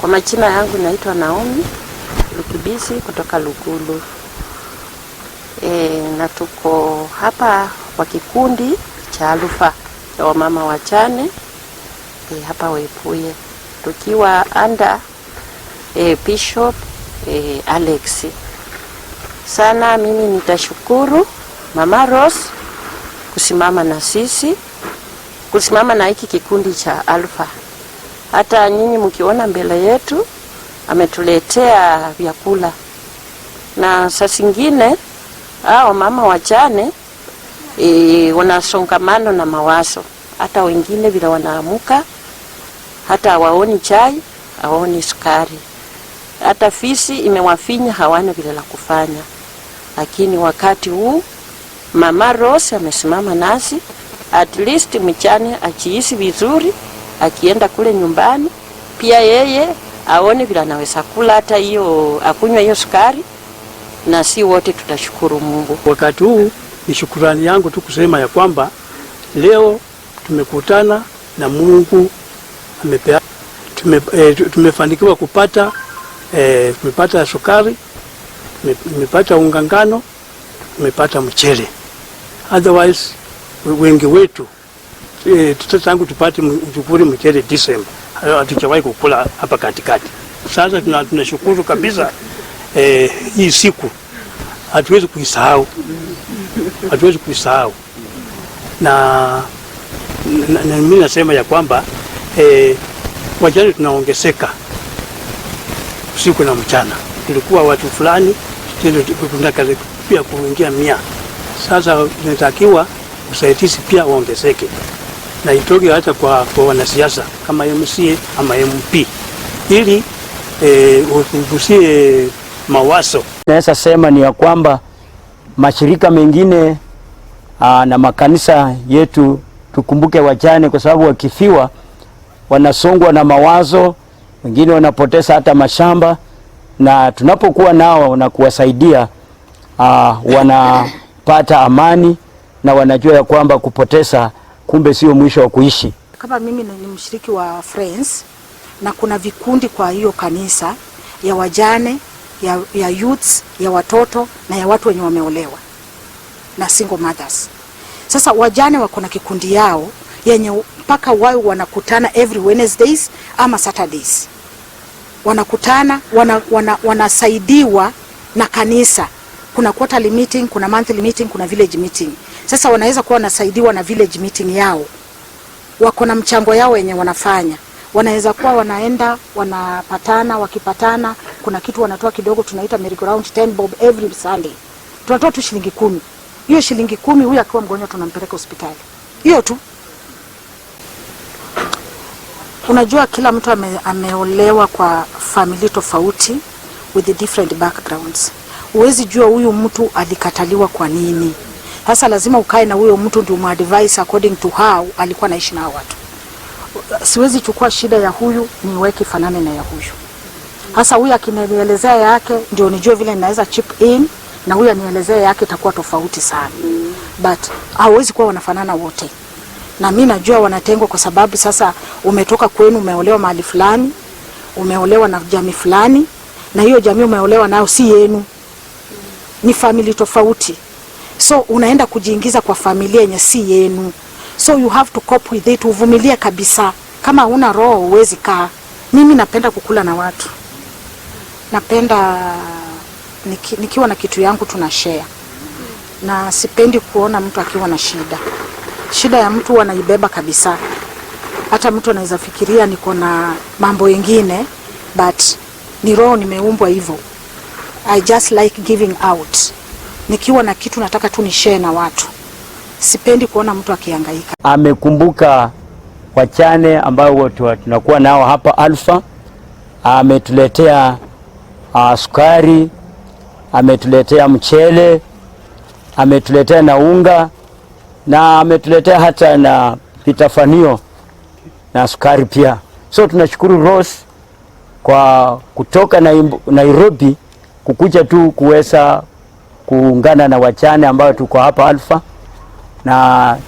Kwa majina yangu naitwa Naomi Lukibisi kutoka Lugulu. E, na tuko hapa kwa kikundi cha Alufa cha wamama wachane e, hapa Waipuye tukiwa under e, Bishop e, Alex. Sana mimi nitashukuru Mama Rose kusimama na sisi, kusimama na hiki kikundi cha alfa hata nyinyi mkiona mbele yetu ametuletea vyakula, na saa zingine hao mama wachane e, wanasongamano na mawazo, hata wengine vile wanaamuka, hata hawaoni chai, hawaoni sukari, hata fisi imewafinya, hawana vile la kufanya. Lakini wakati huu mama Rose amesimama nasi, at least mchane achiisi vizuri akienda kule nyumbani pia yeye aone vile anaweza kula hata hiyo akunywa hiyo sukari, na si wote tutashukuru Mungu. Wakati huu ni shukurani yangu tu kusema ya kwamba leo tumekutana na Mungu amepea, tume, e, tumefanikiwa kupata e, tumepata sukari, tumepata unga ngano, tumepata mchele. Otherwise wengi wetu e, eh, tangu tupate mchukuri mchele Disemba hatujawahi kukula hapa katikati. Sasa tunashukuru kabisa e, hii siku hatuwezi kuisahau, hatuwezi kuisahau na mimi nasema ya kwamba e, eh, wajane tunaongezeka usiku na mchana. Tulikuwa watu fulani pia kuingia mia, sasa inatakiwa usaidizi pia uongezeke na itoke hata kwa, kwa wanasiasa kama MCA ama MP ili eh, e, mawazo. Naweza sema ni ya kwamba mashirika mengine aa, ah, na makanisa yetu tukumbuke wajane, kwa sababu wakifiwa wanasongwa na mawazo, wengine wanapoteza hata mashamba, na tunapokuwa nao na kuwasaidia ah, wanapata amani na wanajua ya kwamba kupoteza kumbe sio mwisho wa kuishi. Kama mimi ni mshiriki wa Friends na kuna vikundi kwa hiyo kanisa ya wajane ya, ya youths ya watoto na ya watu wenye wameolewa na single mothers. Sasa wajane wako na kikundi yao yenye mpaka wao wanakutana every Wednesdays ama Saturdays wanakutana wana, wana, wanasaidiwa na kanisa. Kuna quarterly meeting, kuna monthly meeting, kuna village meeting. Sasa wanaweza kuwa wanasaidiwa na village meeting yao, wako na mchango yao wenye wanafanya, wanaweza kuwa wanaenda wanapatana, wakipatana kuna kitu wanatoa kidogo, tunaita merry go round 10 bob every Sunday, tunatoa tu shilingi kumi. Hiyo shilingi kumi, huyu akiwa mgonjwa tunampeleka hospitali, hiyo tu. Unajua, kila mtu ame, ameolewa kwa famili tofauti with the different backgrounds. Huwezi jua huyu mtu alikataliwa kwa nini. Sasa lazima ukae na huyo mtu ndio muadvise according to how alikuwa anaishi na watu. Siwezi chukua shida ya huyu niweke fanane na ya huyu. Hasa huyu akinielezea yake ndio nijue vile ninaweza chip in na huyu anielezea yake itakuwa tofauti sana. But hawezi kuwa wanafanana wote. Na mimi najua wanatengwa kwa sababu sasa umetoka kwenu, umeolewa mahali fulani, umeolewa na jamii fulani, na hiyo jamii umeolewa nayo si yenu, ni family tofauti so unaenda kujiingiza kwa familia yenye si yenu, so you have to cope with it. Uvumilie kabisa, kama una roho uwezi kaa. Mimi napenda kukula na watu, napenda niki, nikiwa na kitu yangu tuna share, na sipendi kuona mtu akiwa na shida. Shida ya mtu wanaibeba kabisa, hata mtu anaweza fikiria niko na mambo mengine, but ni roho nimeumbwa hivyo. I just like giving out nikiwa na kitu nataka tu ni share na watu, sipendi kuona mtu akihangaika. Amekumbuka wachane ambao wote tunakuwa nao hapa Alfa, ametuletea uh, sukari, ametuletea mchele, ametuletea na unga na ametuletea hata na vitafanio na sukari pia. So tunashukuru Rose kwa kutoka Nairobi kukuja tu kuweza kuungana na wachane ambao tuko hapa Alfa na